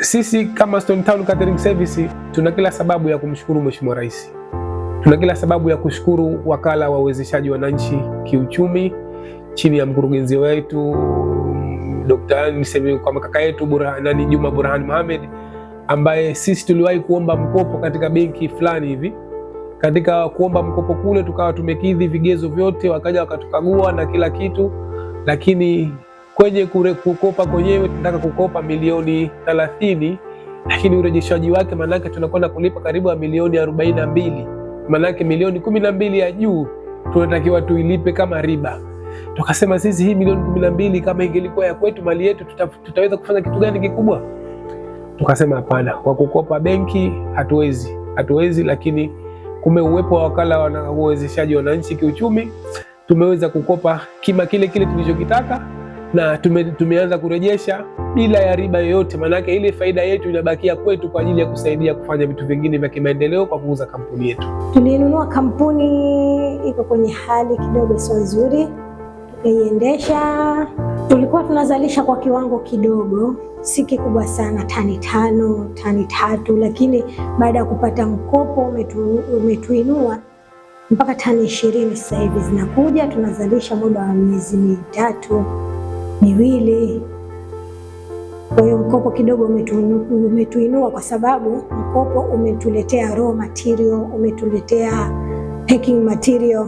Sisi kama Stone Town Catering Service tuna kila sababu ya kumshukuru Mheshimiwa Rais, tuna kila sababu ya kushukuru Wakala wa Uwezeshaji Wananchi Kiuchumi chini ya mkurugenzi wetu Dr. niseme kwa kaka yetu Burhanani Juma Burhan Mohamed, ambaye sisi tuliwahi kuomba mkopo katika benki fulani hivi. Katika kuomba mkopo kule tukawa tumekidhi vigezo vyote, wakaja wakatukagua na kila kitu, lakini kwenye kure kukopa kwenyewe tunataka kukopa milioni thelathini, lakini urejeshaji wake maanake tunakwenda kulipa karibu ya milioni arobaini na mbili maanake milioni kumi na mbili ya juu tunatakiwa tuilipe kama riba. Tukasema sisi hii milioni kumi na mbili kama ingelikuwa ya kwetu mali yetu, tuta, tutaweza kufanya kitu gani kikubwa? Tukasema hapana, kwa kukopa benki hatuwezi, hatuwezi. Lakini kume uwepo wa wakala wa uwezeshaji wananchi kiuchumi, tumeweza kukopa kima kile kile tulichokitaka na tume, tumeanza kurejesha bila ya riba yoyote, maanake ile faida yetu inabakia kwetu kwa ajili ya kusaidia kufanya vitu vingine vya kimaendeleo kwa kuuza kampuni yetu. Tulinunua kampuni iko kwenye hali kidogo sio nzuri, tukaiendesha. Tulikuwa tunazalisha kwa kiwango kidogo, si kikubwa sana, tani tano, tani tatu, lakini baada ya kupata mkopo umetuinua mpaka tani ishirini. Sasa hivi zinakuja tunazalisha muda wa miezi mitatu miwili. Kwa hiyo mkopo kidogo umetuinua kwa sababu mkopo umetuletea raw material, umetuletea packing material.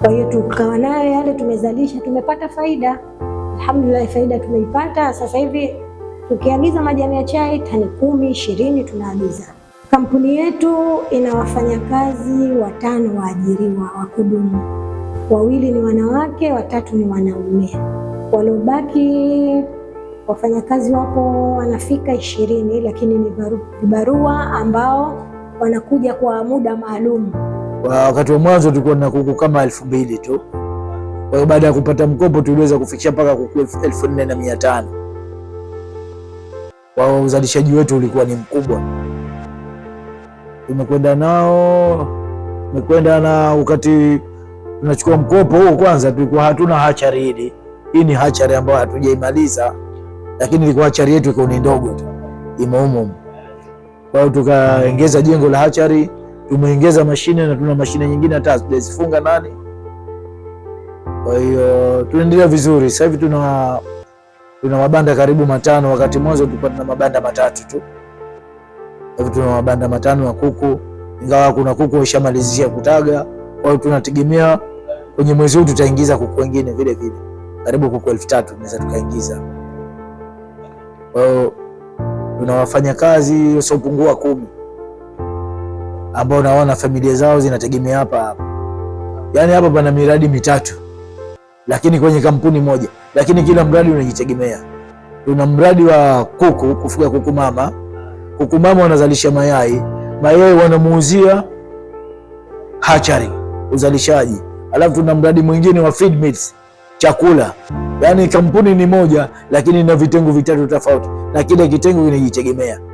Kwa hiyo tukawa nayo yale, tumezalisha, tumepata faida. Alhamdulillah, faida tumeipata. Sasa hivi tukiagiza majani ya chai tani kumi ishirini tunaagiza. Kampuni yetu ina wafanyakazi watano waajiriwa wa kudumu, wawili ni wanawake, watatu ni wanaume waliobaki wafanyakazi wapo wanafika ishirini, lakini ni vibarua ambao wanakuja kwa muda maalum. Wakati wa mwanzo tulikuwa na kuku kama elfu mbili tu. Kwa hiyo baada ya kupata mkopo tuliweza kufikisha mpaka kuku elfu nne na mia tano. Kwa uzalishaji wetu ulikuwa ni mkubwa. Tumekwenda nao tumekwenda na wakati tunachukua mkopo huo, kwanza tulikuwa hatuna hachari hili hii ni hachari ambayo hatujaimaliza, lakini ilikuwa hachari yetu iko ni ndogo tu, imeumum. Kwa hiyo tukaongeza jengo la hachari, tumeongeza mashine na tuna mashine nyingine hata hatujazifunga nani. Kwa hiyo tunaendelea vizuri. Sasa hivi tuna tuna mabanda karibu matano, wakati mwanzo tulikuwa tuna mabanda matatu tu. hivi tuna mabanda matano ya kuku, ingawa kuna kuku washamalizia kutaga. Kwa hiyo tunategemea kwenye mwezi huu tutaingiza kuku wengine vile vile karibu kuku elfu tatu tunaweza tukaingiza. Kwa hiyo tuna wafanyakazi wasiopungua kumi ambao unaona familia zao zinategemea hapa hapa. Yaani hapa pana miradi mitatu lakini kwenye kampuni moja, lakini kila mradi unajitegemea. Tuna mradi wa kuku, kufuga kuku mama. Kuku mama wanazalisha mayai, mayai wanamuuzia hachari uzalishaji. Alafu tuna mradi mwingine wa feed chakula. Yaani kampuni ni moja, lakini ina vitengo vitatu tofauti, na kila kitengo kinajitegemea.